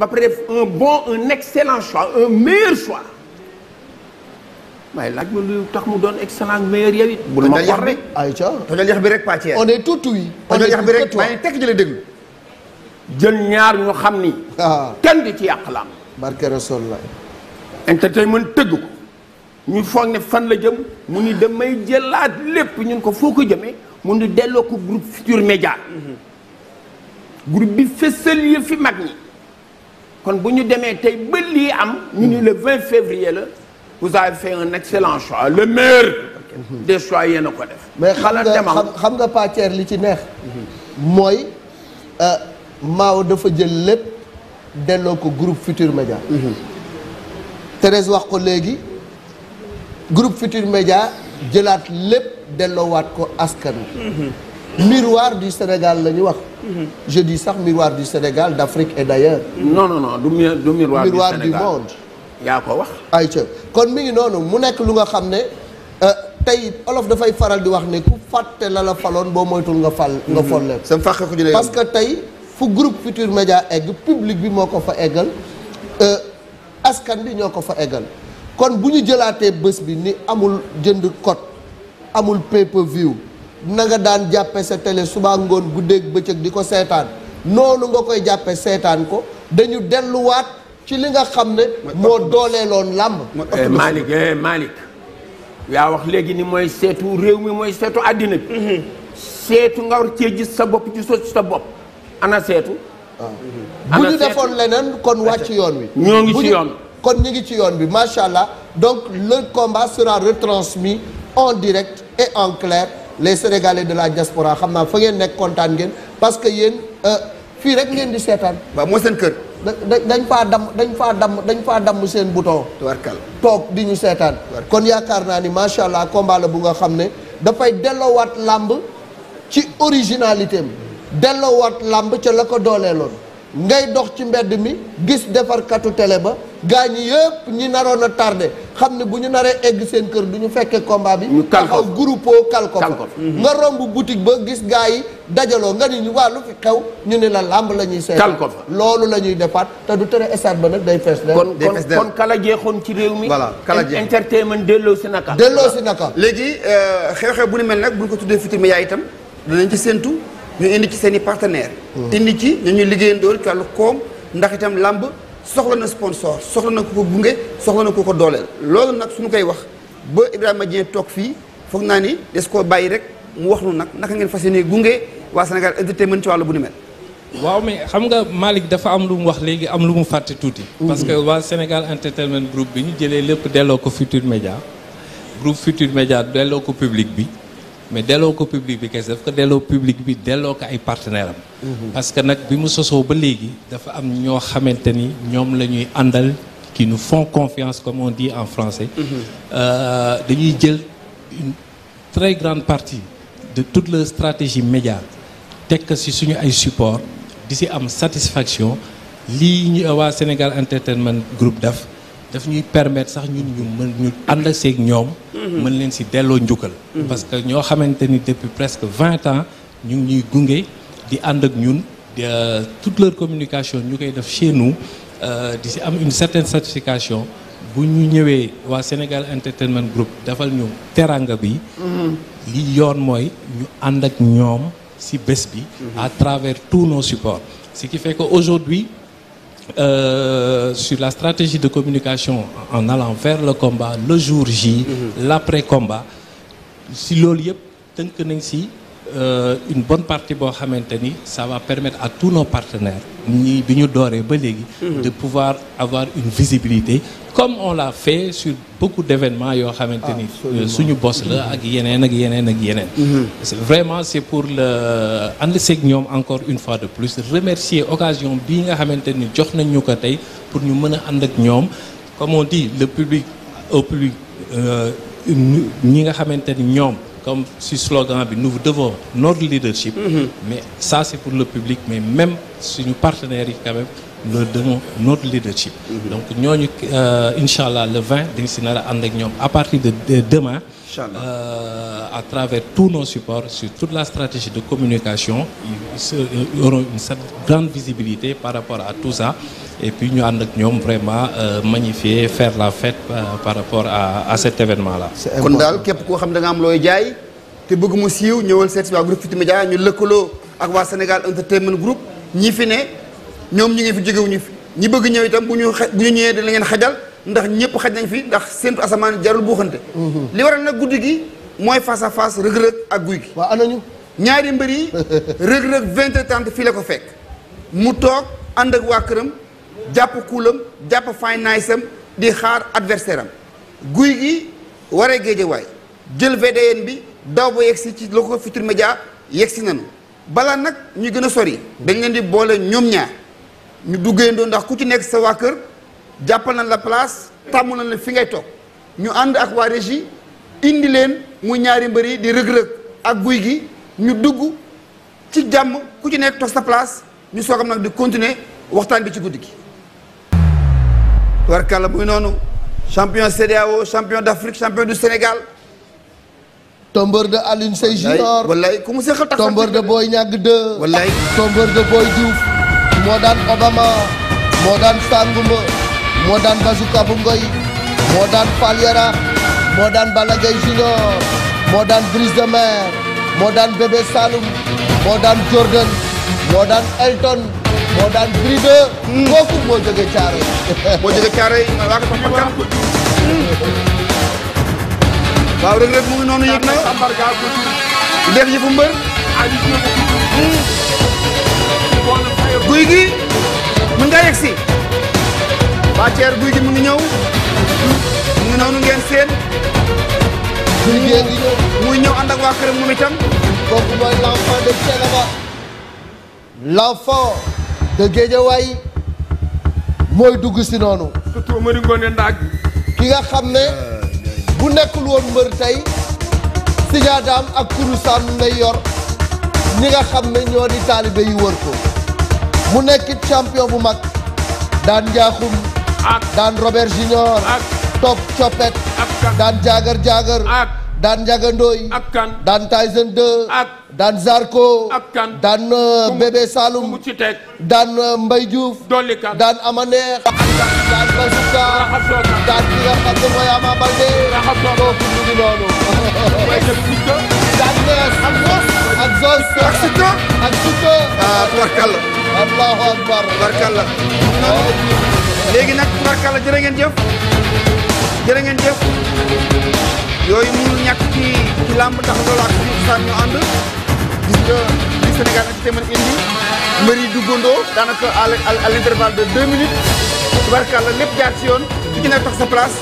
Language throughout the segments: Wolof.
ba pare def un bon un excellent choix un meilleur choix waaye laaj ma lu tax mu doon excellent meilleur yow it. bul ma xor rek ayca tojal yax bi rek pàcceer. on est tout ouïe. tojal yax bi rek waaye tekk jële déglu. jël ñaar ñu xam ni. Ah. kenn di ci yàq la am. barke Rasulullah. entertainment tëgg ko. ñu foog ne fan la jëm mu ni damay jëlaat lépp ñun ko foo ko jëmee delloo ko groupe Média. Mhm. groupe bi fësal yi fi mag ñi. kon bu ñu demee tey ba lii am. ñu ni mm. le 20 février la. vous avez fait un excellent choix le meilleur. des choix yéen a ko def. mais xam nga xam nga pàcceer li ci neex. mooy euh, Mao dafa jël lépp delloo ko groupe Futur Média. Mm-hmm. teres wax ko léegi groupe Futur Média jëlaat lépp delloowaat ko askan miroir du Sénégal la ñu wax. Mhm. je dis sax miroir du Sénégal d'Afrique et d'ailleurs. non non non du du miroir du Sénégal yaa ko wax. ayca kon mi ngi noonu mu nekk lu nga xam ne euh, tey olof dafay faral di wax ne ku fàtte la la faloon boo moytul nga fal. nga mhm. fol leen. seen fàq ku jëlee parce que tey fu groupe Futur Média egg public bi moo ko fa eggal euh, askan bi ñoo ko fa eggal kon bu ñu jëlaatee bés bi ni amul jënd code amul pay-per-view. na nga daan jàppe sa télé suba ngoon guddeeg bëccëg di ko seetaan noonu nga koy jàppe seetaan ko dañu delluwaat ci li nga xam ne moo dooleeloon làmb eh, Malick eh, Malick yaa wax léegi ni mooy seetu réew mi mooy seetu àddina bi mhm. seetu nga war cee gis sa bopp ci sot sa bopp ana seetu ah. bu ñu defoon leneen kon wàcc yoon wi ñoo ngi ci yoon kon ñu ngi ci yoon bi macha allah donc le combat sera retransmis en direct et en les sénégalais de la diaspora xam naa fa ngeen nekk kontaan ngeen parce que yéen euh, fii rek ngeen di seetaan. waaw moo seen kër. dañ faa damm dañ faa damm dañ faa damm seen bouton. tubarkal toog di ñu seetaan. kon yaakaar naa ni macha allah combat bu nga xam ne dafay delloowaat làmb ci originalité am delloowaat làmb ca la ko dooleeloon ngay dox ci mbedd mi gis defarkatu tele ba. gaa ñi yëpp ñi naroon a tardé xam ne bu ñu naree egg seen kër du ñu fekkee combat bi. ñu kal ko taxaw groupe kal nga romb boutique ba gis gaa yi dajaloo nga ni ñu waa lu fi xew ñu ne la làmb la ñuy seet. kal loolu la ñuy defaat te du tere stade ba nag day fees. kon kon kon kala jeexoon ci réew mi. voilà kala jeex entertainment delloo si naka. delloo si naka. léegi euh, xew-xew bu ni mel nag bu ñu ko tuddee Futurs Médias itam danañ ci séntu ñu indi ci seen i partenaires. Hmm. indi ci ñu ñuy liggéeyandoo ci koom ndax itam soxla na sponsor soxla na ku ko gunge soxla na koo ko dooleel loolu nag su suñu koy wax ba Ibrahima Dieng toog fii foog naa ni des koo bàyyi rek mu wax lu nag naka ngeen fas yéene gunge waa Sénégal entertainment ci wàllu bu ne mel. waaw mais xam nga Malick dafa am lu mu wax léegi am lu mu fàtte tuuti. Mmh. parce que waa Sénégal entertainment groupe bi ñu jëlee lépp delloo ko Futur Média groupe Futur Média delloo ko public bi. mais delloo ko public bi kese daf ko delloo public bi delloo ko ay partenaire am mhm. parce que nag bi mu sosoo ba léegi dafa am ñoo xamante ni ñoom la ñuy àndal qui nu font confiance comme on dit en français mhm. euh, dañuy jël une très grande partie de toute le stratégie média teg ko si suñu ay support di si am satisfaction lii waa Sénégal Entertainment Group def daf ñuy permettre sax ñun ñu mën ñu ànd ak ñoom. Mhm. mën leen si delloo njukkal. Mhm. parce que ñoo xamante ni depuis presque vingt ans ñu ngi ñuy gunge di ànd ak ñun euh, toute leur communication ñu koy def chez nous euh, di si am une certaine satisfaction bu ñu ñëwee waa Sénégal Entertainment Group dafal ñu teranga bi. Mhm. yoon mooy ñu ànd ak ñoom si bés bi. à travers tous nos supports ce qui fait aujourd'hui euh, sur la stratégie de communication en allant vers le combat le jour J. Mhm. l'après combat si loolu yëpp tënk nañ si. Euh, une bonne partie boo xamante ni ça va permettre à tous nos partenaires ñi bi ñu dooree ba léegi mhm. de pouvoir avoir une visibilité comme on l'a fait sur beaucoup d'événements yoo xamante ni euh, suñu bos la ak yeneen ak yeneen ak yeneen mhm. vraiment c'est pour le ànd seek ñoom encore une fois de plus remercier occasion bii nga xamante ni jox nañ ñu ko tey pour ñu mën a ànd ak ñoom comme on dit le public au public euh, ñi nga xamante ni ñoom comme si slogan bi nous devons notre leadership. Mm -hmm. mais ça c'est pour le public mais même suñu partenaires yi quand même nous devons notre leadership. Mm -hmm. donc ñooñu euh, incha allah le 20 dañ si nar a ànd ak ñoom à partir de, de demain. allah euh, à travers tous nos supports sur toute la stratégie de communication. ils auront une grande visibilité par rapport à tout ça. et puis ñu ànd ak ñoom vraiment euh, magnifier faire la fête euh, par rapport à à cet événement là. kon daal képp koo xam ne nga am looy jaay te bëgg mu siiw ñëwal seet si waa groupe Futurs Médias ñu lëkkaloo ak waa Sénégal Entertainment Group ñi fi ne ñoom ñu ngi fi jógewuñu fi ñi bëgg ñëw itam bu ñu bu ñu ñëwee dina ngeen xajal ndax ñëpp xaj nañ fi ndax séntu asamaan jarul buuxante. Mhm. li waral nag guddi gi mooy face à face rëg-rëg ak guy gi. waaw ana ñu ñaari mbër yi rëg-rëg vingt et trente fii la ko fekk mu toog ànd waa këram. jàpp kuulam jàpp finance am di xaar adversaire am guy gi waree géejewaay jël VDN bi daw ba yegsi ci local Futurs Médias yegsi nañu balaa nag ñu gën a sori. dañ leen di boole ñoom ñaar ñu duggeendoo ndax ku ci nekk sa waa kër jàppal na la place tàmm nañ la fi ngay toog ñu ànd ak waa régie indi leen muy ñaari mbër yi di rëg-rëg ak guy gi ñu dugg ci jàmm ku ci nekk toog sa place ñu soogam nag di continuer waxtaan bi ci guddi gi. warkalla muy noonu champion CEDEAO champion d'Afrique champion du Sénégal tombeur de Alioune Seye Junior wallaay ku mu seexal tax tombeur de Boy Niang 2 wallaay tombeur de Boy Diouf moo daan Obama moo daan Sanguma moo daan Bazouka bu Ngoy daan Fall Yara daan Junior moo daan Brise de Mer moo Bébé Saloum moo Jordan moo Elton moo daan bride kooku hmm. moo jóge caare moo jóge caare yi waa ko papa kan waaw Reug Reug mu ngi noonu yëg na def yëfu mbër guy gi mën nga yegg si ceer guy gi mu ngi ñëw mu ngi noonu ngeen seen muy ñëw ànd ak waa këram moom itam kooku mooy l'enfant de Thiénaba l'enfant te géejawaay mooy dugg si noonu. surtout Mari ki nga xam ne bu nekkul woon mbër tey siñaadaam ak kurusam lay yor ñi nga xam ne ñoo di taalibe yi wër ko mu nekk champion bu mag daan njaaxum. ak daan Robert Junior. ak Top Copet. ak daan jaagar jaagar. daan njagandooy ak Zarko ak euh, bébé Saloum ci teg daan Amaneex daan Bazouka daan ki nga xam ne mooy Ama Baldé kooku mu ngi noonu daan nees ak zos ak zos ak sukka ak sukka ah tubarkalla allahu akbar tubarkalla léegi nag yooyu mënul ñàkk ci làmb ndax loolu ak suñu cosaan ñu ànd gis Sénégal ak téeméer indi mbër yi duggandoo daanaka à l'intervalle de deux minutes tubarkàlla lépp jaar ci yoon ci nekk tax sa place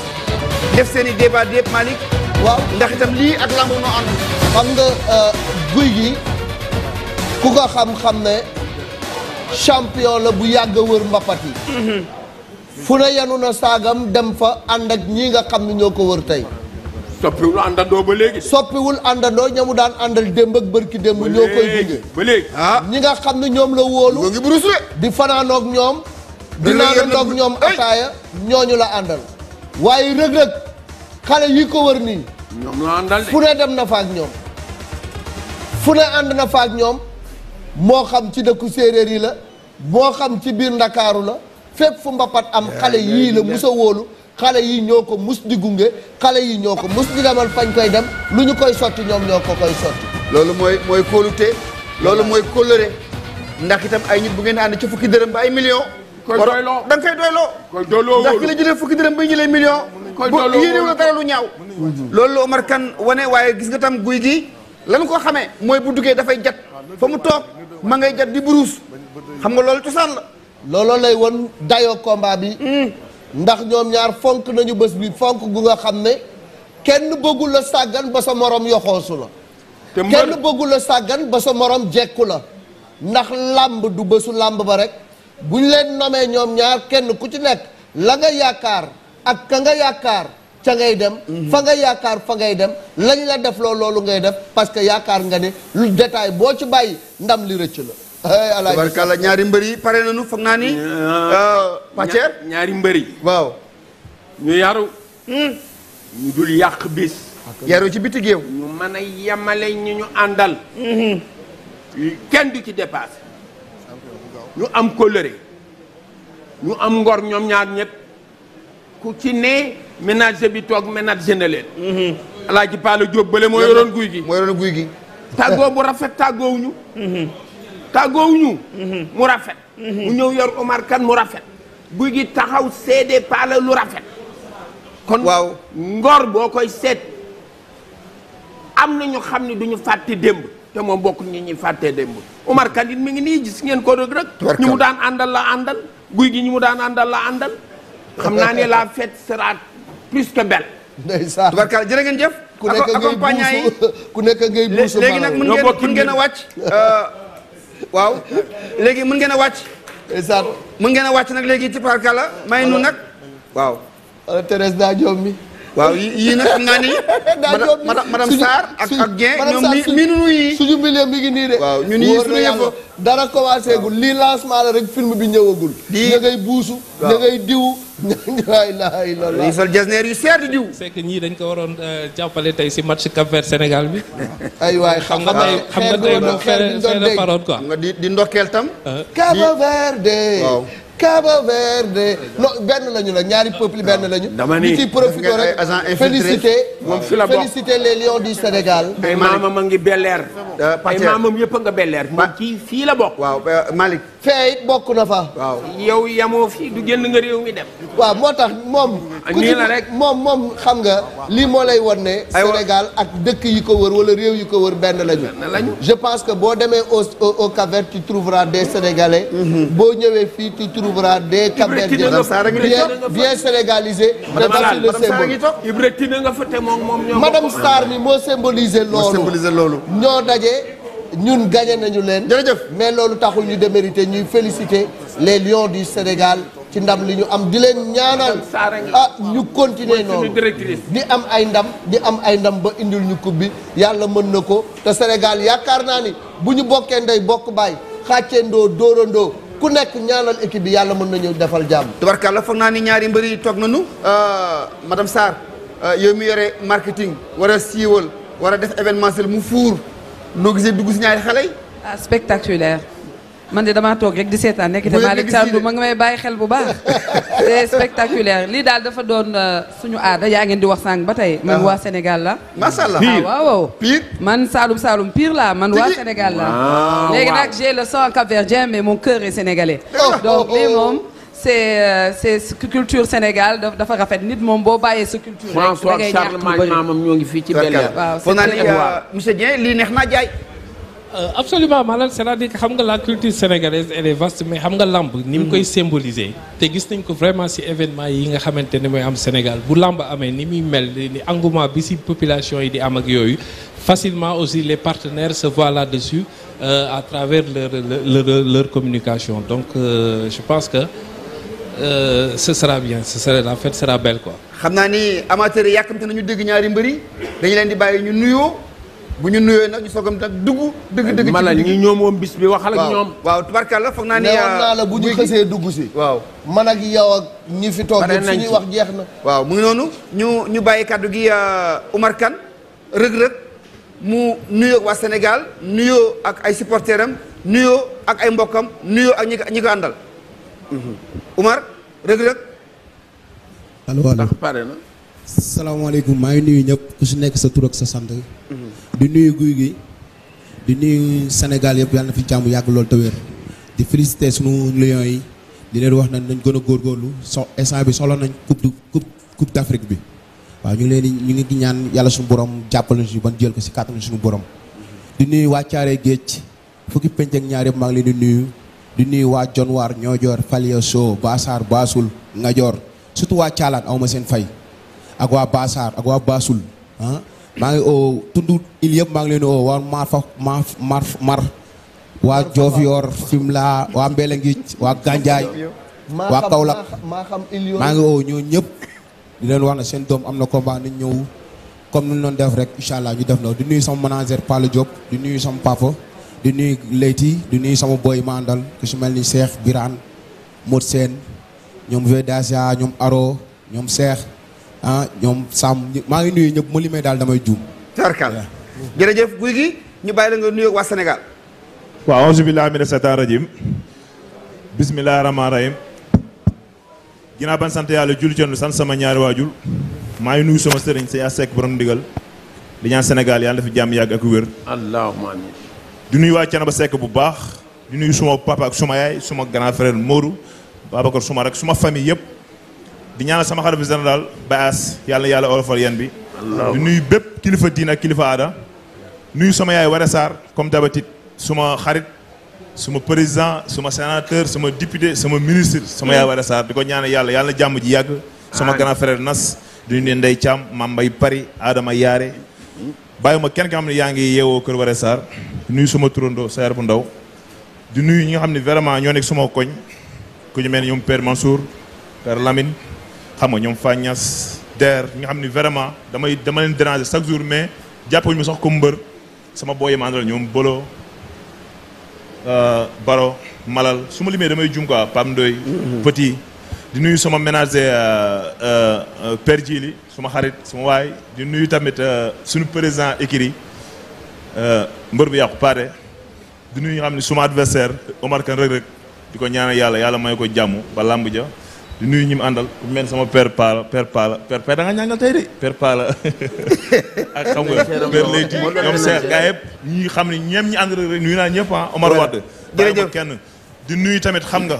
def seen i débat yëpp Malick waaw ndax lii ak làmb noo ànd xam nga euh, guy gi ku ko xam-xam ne champion la bu yàgg wër mbapat yi mhm. fu ne yanu na saagam dem fa ànd ak ñi nga xam ne ñoo ko wër tey soppiwul àndandoo ba léegi. soppiwul àndandoo ñamu daan àndal démb ak bërki démb. ñoo koy gunge ba léegi ah. ñi nga xam ne ñoom la wóolu. ñoo di fanaanook ñoom. di naanandoog ñoom ataaya ñooñu la àndal. waaye rëg-rëg xale yi ko wër nii. ñoom fu ne dem na fa ñoom. fu ne ànd na ñoom moo xam ci dëkku séeréer yi la moo xam ci biir ndakaaru la fépp fu mbapat am xale yii la musa wóolu. xale yi ñoo ko mus di nge xale yi ñoo ko mus di demal fañ koy dem lu ñu koy sotti ñoom ñoo ko koy sotti. loolu mooy mooy kóolute loolu mooy kóllëre ndax itam ay nit bu ngeen ànd ci fukki dërëm ba ay million koy doyloo da nga koy doyloo. ki la jëlee fukki dërëm ba jëlee million. koy doyloo bu yéene la dara lu ñaaw. loolu la Omar kan wane waaye gis nga tam guy gi lan ko xamee mooy bu duggee dafay jat fa mu toog ma ngay jat di buruus xam nga loolu cosaan la. looloo lay won dayoo combat bi. Hmm. ndax ñoom ñaar fonk nañu bés bi fonk gu nga xam ne kenn bëggul la sàggan ba sa morom yoxoosu la kenn bëggul la sàggan ba sa moroom jekku la ndax làmb du bésu làmb ba rek bu ñu leen nomee ñoom ñaar kenn ku ci nekk la nga yaakaar ak ka nga yaakaar ca ngay dem mhm. fa nga yaakaar fa ngay dem lañ la def loo loolu ngay def parce que yaakaar nga ne lu détail boo ci bàyyi ndam li rëcc la alaaji tabarkalla ñaari mbër yi pare nu foog naa ni. Euh, Pàcceer ñaari mbër yi. waaw. ñu yaru. Hmm. ñu dul yàq bis. yaru ci biti géew. ñu mën a yemale ñi ñu àndal. Hmm. kenn du ci dépassé. ñu am kóllëre. ñu am ngor ñoom ñaar ñëpp. ku ci ne ménager bi toog ménager na leen. Hmm. Paala Diop bële moo yoroon guy gi. moo yoroon guy gi. tàggoo bu rafet tàggoowuñu. ñu mhm. mu rafet mhm. mu ñëw yor Omar kan mu rafet guy gi taxaw seede paala lu rafet kon waaw ngor boo koy seet am na ñu xam ne du ñu fàtte démb te moom bokk ñi ñuy fàtte démb Omar kan it mi ngi nii gis ngeen ko rek rek ñu mu daan àndal la àndal guy gi ñu mu daan àndal la àndal xam naa ne la fête sera plus que belle ndeysaan tubarkaal jërë ngeen jëf ku nekk ngay buusu ku nekk ngay buusu léegi nag mën ngeen mën ngeen a wàcc waaw léegi mën ngeen a wàcc. ndeysaan mën ngeen a wàcc nag léegi ci parkala may nu nag waaw. Euh, Thérèse daa joom mi. waaw yii nag xam naa ni. daa joom mi madame Sarr ak ak Dieng ñoom mi miinu yi suñu milieu mi ngi nii de. waaw ñun yii suñu yëpp dara commencé gul lii lancement la rek film bi ñëwagul. di ña ngay buusu. ña ngay diw. laa ilaaha illallah ñu sol jasneer yu seer diw. c'est que ñii dañ ko waroon euh, jàppale tey si match Cap Sénégal bi. ay waay xam nga xam nga tey moom fee fee la faroon quoi. di di ndokkeel tam. Cap Verde Cabo Verde non benn lañu la ñaari peuple benn ah. lañu. dama ni ñu ciy profité rek félicité moom fi la bokk félicité les lions du Sénégal. ay maamam a ngi belleer. Euh, ay maamam yëpp a nga belleer. moom kii fii la bokk. waaw euh, Malick. fee it bokk na fa. waaw yow yamoo fi du génn nga réew mi dem. waaw moo tax moom. nii ah, la rek moom moom xam nga lii moo lay won ne. Sénégal ak dëkk yi ko wër wala réew yi ko wër benn lañu. lañu je pense que boo demee au au Cap-Vert tu trouveras des Sénégalais. Mhm. boo ñëwee fii tu trouveras Louvra des Cap-Verdiens bien sénégalisé te dafi le symbole madame Sarr mi moo symbolisé loolu ñoo daje ñun gañe nañu leen jërëjëf mais loolu taxul ñu démérité ñuy félicité les lions du Sénégal ci ndam li ñu am di leen ñaanal ah ñu continuer noonu di am ay ndam di am ay ndam ba indil ñu coupe bi yàlla mën na ko te Sénégal yaakaar naa ni bu ñu bokkee ndey bokk baay xàccendoo dóorandoo ku nekk ñaanal équipe bi yàlla mën na nañu defal jàmm. tubarkàlla foog naa ni ñaari mbër yi toog nañu euh, madame Sarr euh, yow mu yore marketing war a siiwal war a def événementiel mu fuur noo gisee dugg si ñaari xale yi. ah spectaculaire. man de damaa toog rek di seetaan nekk te Malick Thiandou ma ngi may bàyyi xel bu baax c'est spectaculaire lii daal dafa doon euh, suñu aada yaa ngeen di wax sànq ba tey man ah. waa Sénégal la macha allah ah, waaw waaw pire man Saloum Saloum pire la man waa Sénégal la ah, léegi nag j'ai le sang capverdien mais mon cœur est oh, oh, donc oh. lii moom c'est euh, culture Sénégal dafa rafet nit moom boo bàyyee sa culture rek da ngay ñaax François ñoo ngi fii ci Bel-Air euh, lii neex naa jaay Euh, absolument maanaam c'est-à-dire xam nga la culture sénégalaise elle est vaste mais xam nga lamb ni mu koy mm-hmm. symboliser te gis nañ ko vraiment ci événement yi nga xamante ne mooy am Sénégal bu lamb amee ni muy mel ni engouement bi ci population yi di am ak yooyu facilement aussi les partenaires se voient là-dessus euh, à travers leur, leur, leur, leur communication donc euh, je pense que euh, ce sera bien ce sera la fête sera belle quoi xam naa ni amateurs yi yàkkamte nañu dégg ñaari mbëri dañu leen di bàyyi ñu nuyoo bu ñu nuyoo nag ñu soog a nag dugg. dëgg dëgg ci biir ñi ñoom moom bis bi waxal ak ñoom. waaw tubarkalla foog naa ne. newoon naa la bu ñu uh, xësee dugg si. waaw man ak yow ak ñi fi toog. pare nañ wax jeex na. waaw mu ngi noonu ñu ñu bàyyi kàddu gi uh, Umar Kane rëg-rëg mu nuyoo waa Sénégal nuyoo ak ay supporteurs am nuyoo ak ay mbokkam nuyoo ak ñi ko ñi ko àndal. Mhm. Umar rëg-rëg. allo allo ndax pare na. salaamaaleykum maa ngi nuyu ñëpp ku si nekk sa tur sa sant. Mhm. di nuyu guy gi di nuyu Sénégal yëpp yàlla na fi jàmm yàgg loolu te wér di félicité sunu lions yi di leen wax na nañ gën a góorlu so instant bi soxla nañ coupe du coupe d'Afrique bi waaw ñu ngi leen ñu ngi ñaan yàlla suñu borom jàppale si ban jël ko si kàttanu suñu borom. di nuyu waa Thiaré Géej fukki penc ñaar yëpp maa leen di nuyu di nuyu waa ñoo Jonwaar Ñoojoor Falioso Basaar Basul Ngajoor surtout waa Caalaan aw ma seen fay ak waa Basaar ak waa Basul ah. maa ngi oo tund il yëpp maa ngi leen oo waa mar fa mar mar mar waa Diofior Fimela waa Mbeelangij waa Gandiaay waa Kaolack maa ngi o ñoo ñëpp di wax na seen doom am na combat nañ ñëw comme nu ñu doon def rek incha allah ñu def na di nuyu sama manager Pala Diop di nuyu sama papa di nuy Leyti di nuyu sama boy mandal ku si mel ni Cheikh Birane Modou Sène ñoom Vedasia ñoom Aro ñoom Cheikh ah maa ngi nuyu ñëpp ma limee daal damay juum. tarkal jërëjëf guy gi ñu bàyyi la nga nuyoog waa Sénégal. waaw auzu billaahi mina seytaani rajiim bismillaahi rahmaani rahiim. ginnaaw ban sant yàlla julli ci sant sama ñaari waajur maa ngi nuyu sama sëriñ sëñ Asek borom ndigal di ñaan Sénégal yàlla dafa jàmm yàgg ak wér. di nuyu waa ba Seck bu baax di nuyu suma papa ak suma yaay suma grand frère Modou Babacar suma rek suma famille yëpp. di ñaanal sama xarit bi général Baas yàlla yàlla olofal yan bi. di nuyu bépp kilifa diin ak kilifa aada. nuyu sama yaay Wara saar comme d'habitude suma xarit suma président suma sénateur suma député suma ministre. sama yaay Wara saar di ko ñaanal yàlla yàlla na jàmm ji yàgg. sama grand frère Nas. di nuyu Ndeye caam Mame mbay pari Adama Yaare. ma kenn nga xam ne yaa ngi yeewoo kër Wara Sarr. di nuyu suma turando Sayar bu ndaw. di nuyu ñi nga xam ne vraiment ñoo nekk suma koñ. ku ñu mel xam nga ñoom Fagnas der ñi nga xam ni vraiment damay dama leen déranger chaque jour mais jàppuñu ma sax comme mbër sama booy ma àndal ñoom Bolo euh, Baro Malal su ma limee damay jum quoi Pam Ndoy mm-hmm. Petit di nuyu sama ménager euh, euh, Père Djili suma xarit suma waay di nuyu tamit suñu président écurie mbër bu yàqu paare di nuy nga xam ne suma adversaire Omar Kane rëg-rëg di ko ñaanal yàlla yàlla may ko jàmm ba làmb ja di nuyu ñi mu àndal ku mel sama père Palla père Palla père père da nga ak xam nga père Leyti ñoom yëpp ñi xam ne ñeem ñi ànd rek nuyu naa ñëpp ah Omar Wade jërëjëf kenn di nuyu tamit xam nga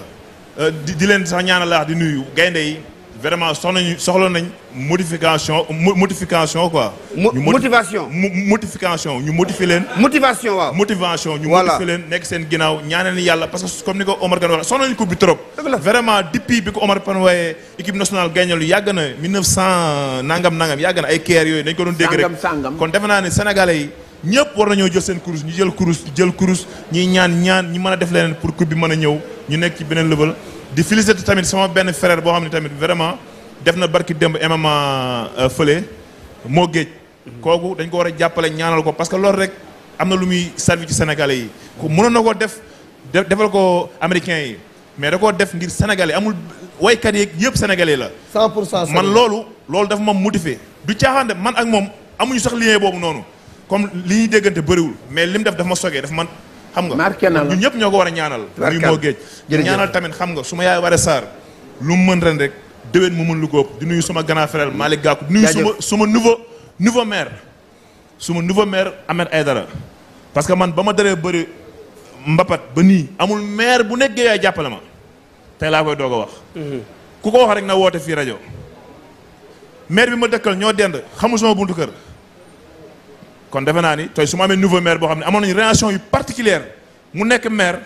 euh, di di leen sax ñaanal laax di nuyu gaynde yi vraiment soxla nañu soxla nañ modification modification quoi. motivation modification ñu modifié leen. motivation waaw motivation. ñu modifié leen nekk seen ginnaaw ñaanal yàlla parce que comme ni ko Omar Kane waxee soxla nañu coupe bi trop. vraiment depuis bi ko Omar Kane waxee équipe nationale gagné lu na nangam nangam yàgg ay keer yooyu dañ ko doon dégg rek kon defe naa ne sénégalais yi. ñëpp war nañoo jël seen kurus ñu jël kurus jël kurus ñuy ñaan ñaan ñi mën a def leneen pour coupe bi mën a ñëw ñu nekk ci beneen level. di féliciter tamit sama benn frère boo xam ne tamit vraiment def na barki démb MMA euh, fële moo géej. kooku dañ ko war a jàppale ñaanal ko parce que loolu rek am na lu muy servi ci sénégalais yi. mënoon na koo def defal ko américains yi mais da koo def ngir sénégalais amul waykat yeeg yëpp sénégalais la. 100 pour cent man loolu. loolu dafa ma motivé du caaxaan de man ak moom amuñu sax lien boobu noonu comme li ñuy déggante bëriwul mais lim def dafa ma sogee dafa man. xam nga marqué na la ñëpp ñoo ko war a ñaanal. muy moo géej. ñaanal tamit xam nga su ma yaay waree saar lu mu mën ren rek déwén mu mën lu ko ëpp di nuyu suma grand frère Malick Gakou di nuyu suma suma nouveau nouveau maire suma nouveau maire Ahmed parce que man ba ma daree bëri mbapat ba nii amul maire bu nekk yaay jàppale ma tey laa koy doog a wax mhm. ku ko wax rek na woote fii rajo maire bi ma dëkkal ñoo dend xamul sama buntu kër kon defe naa ni tey su ma amee nouveau maire boo xam ne amoon nañu relation yu particulière mu nekk maire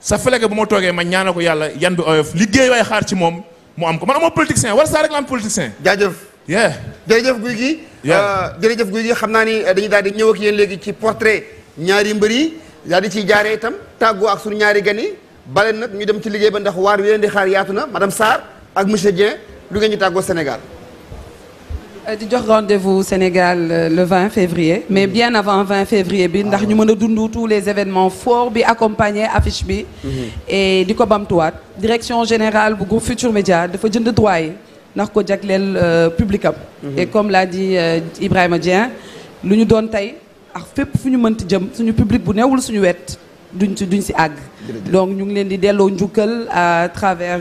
sa fële bu ma toogee ma ñaanal ko yàlla yan bi oyof liggéey xaar ci moom mu am ko man amoo politicien war saa rek la am politicien. jaajëf. yeah jërëjëf guy gi. Euh, jërëjëf guy gi xam naa ni euh, dañuy daal di ñëw ak yéen léegi ci portrait ñaari mbër yi daal di ciy jaaree itam tàggoo ak suñu ñaari gan yi nag ñu dem ci liggéey ba ndax waar wi leen xaar yaatu na madame Sarr ak monsieur Dieng lu ngeen ñu tàggoo Sénégal. Euh, di jox rendez-vous Sénégal euh, le 20 février mais bien avant 20 février bi ndax ñu mën a dund tous les événements forts bi accompagner affiche bi mhm. et di ko bamtuwaat direction générale bu groupe Futur Média dafa jënd droit ndax ko jagleel euh, public e et comme l'a dit Ibrahima Dieng lu ñu doon tey ak fépp fu ñu ti jëm suñu public bu newul suñu wet duñ ci duñ ci àgg donc ñu ngi leen di delloo njukkal à travers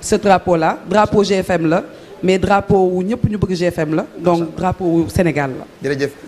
ce drapeau la drapeau GFM la mais drapeau wu ñëpp ñu bëgg GFM la donc drapeau wu Sénégal la jërëjëf